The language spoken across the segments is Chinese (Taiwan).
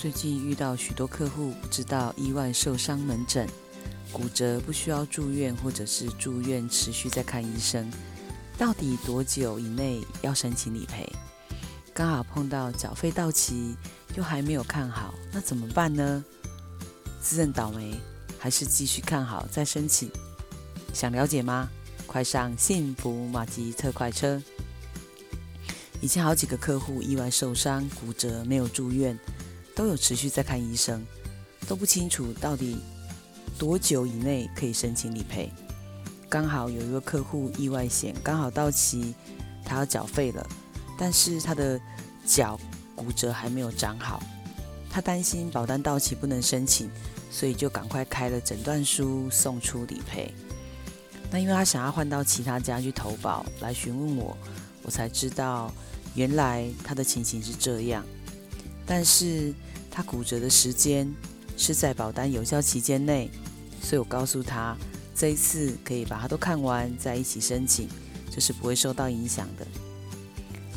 最近遇到許多客戶，不知道意外受傷門診骨折不需要住院，或者是住院持續在看醫生，到底多久以內要申請理賠？剛好碰到繳費到期，又還沒有看好，那怎麼辦呢？自認倒霉，還是繼續看好再申請？想了解嗎？快上幸福馬吉特快車！以前好幾個客戶意外受傷骨折沒有住院。都有持續在看醫生，都不清楚到底多久以內可以申請理賠。剛好有一個客戶意外險剛好到期，他要繳費了，但是他的腳骨折還沒有長好，他擔心保單到期不能申請，所以就趕快開了診斷書送出理賠。那因為他想要換到其他家去投保，來詢問我，我才知道原來他的情形是這樣。但是他骨折的時間是在保單有效期間內，所以我告訴他，這一次可以把他都看完再一起申請，這、就是不會受到影響的。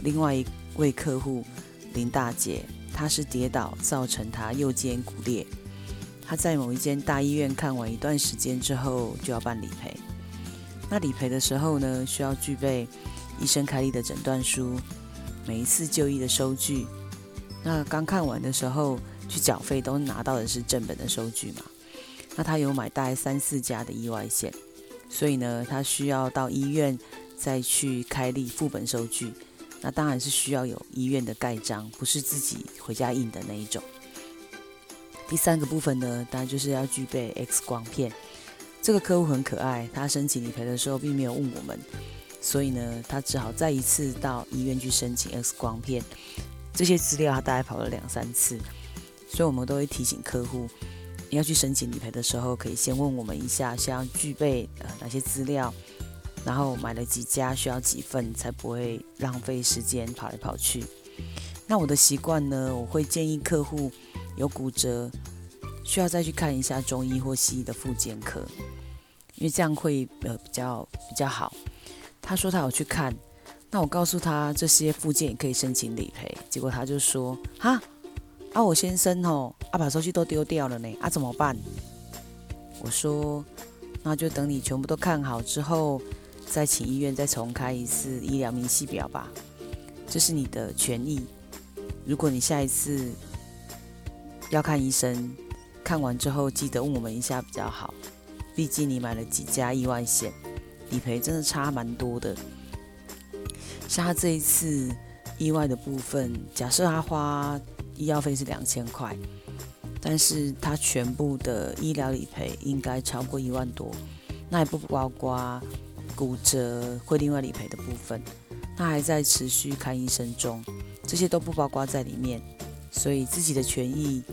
另外一位客戶林大姐，她是跌倒造成她右肩骨裂，她在某一間大醫院看完一段時間之後就要辦理賠。那理賠的時候呢，需要具備醫生開立的診斷書、每一次就醫的收據。那剛看完的時候去繳費都拿到的是正本的收據嘛？那他有買大概三四家的意外險，所以呢，他需要到醫院再去開立副本收據。那當然是需要有醫院的蓋章，不是自己回家印的那一種。第三個部分呢，當然就是要具備 X 光片。這個客戶很可愛，他申請理賠的時候並沒有問我們，所以呢，他只好再一次到醫院去申請 X 光片。這些資料他大概跑了兩三次，所以我們都會提醒客戶，你要去申請理賠的時候，可以先問我們一下，需要具備呃哪些資料，然後買了幾家需要幾份，才不會浪費時間跑來跑去。那我的習慣呢，我會建議客戶有骨折需要再去看一下中醫或西醫的復健科，因為這樣會呃比較比較好。他說他有去看。那我告訴他這些附件也可以申請理賠，結果他就說：哈，啊，我先生哦，阿、啊、把手機都丟掉了呢，啊怎麼辦？我說，那就等你全部都看好之後，再請醫院再重開一次醫療明細表吧，這是你的權益。如果你下一次要看醫生，看完之後記得問我們一下比較好，畢竟你買了幾家意外險，理賠真的差蠻多的。像他這一次意外的部分，假設他花醫藥費是兩千塊，但是他全部的醫療理賠應該超過一萬多，那也不包括骨折會另外理賠的部分。他還在持續看醫生中，這些都不包括在裡面，所以自己的權益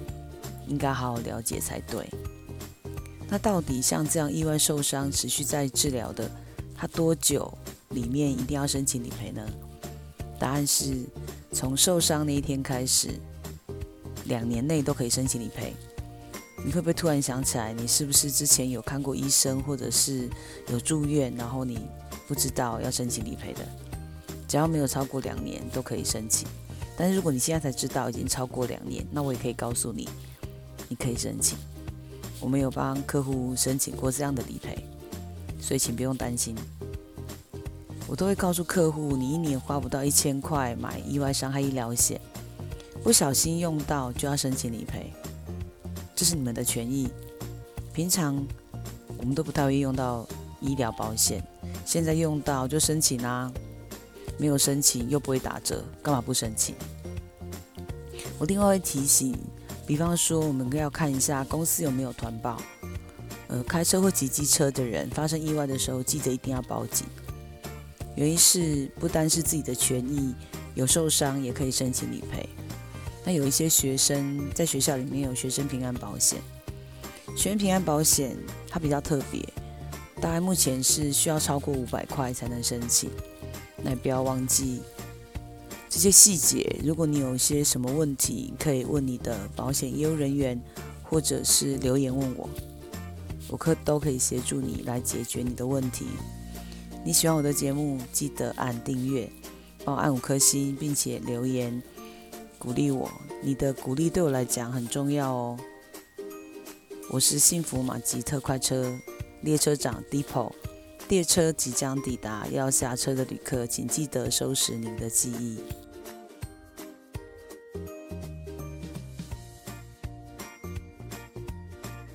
應該好好了解才對。那到底像這樣意外受傷持續在治療的，他多久裡面一定要申請理賠呢？答案是，從受傷那一天開始，兩年內都可以申請理賠。你會不會突然想起來，你是不是之前有看過醫生或者是有住院，然後你不知道要申請理賠的？只要沒有超過兩年都可以申請。但是如果你現在才知道已經超過兩年，那我也可以告訴你，你可以申請。我們有幫客戶申請過這樣的理賠，所以請不用擔心。我都會告訴客戶，你一年花不到一千塊買意外傷害醫療險，不小心用到就要申請理賠，這是你們的權益。平常我們都不太會用到醫療保險，現在用到就申請啦，啊。沒有申請又不會打折，幹嘛不申請？我另外會提醒，比方說我們要看一下公司有沒有團保。呃，開車或騎機車的人發生意外的時候，記得一定要報警。原因是不單是自己的權益有受傷，也可以申請理賠。那有一些學生在學校裡面有學生平安保險，學生平安保險它比較特別，大概目前是需要超過五百塊才能申請。那也不要忘記這些細節。如果你有一些什麼問題，可以問你的保險業務人員，或者是留言問我，我可都可以協助你來解決你的問題。你喜歡我的節目，記得按訂閱，幫我按五顆星，並且留言鼓勵我。你的鼓勵對我來講很重要哦。我是幸福馬吉特快車列車長 Depot，列車即將抵達，要下車的旅客，請記得收拾你的記憶。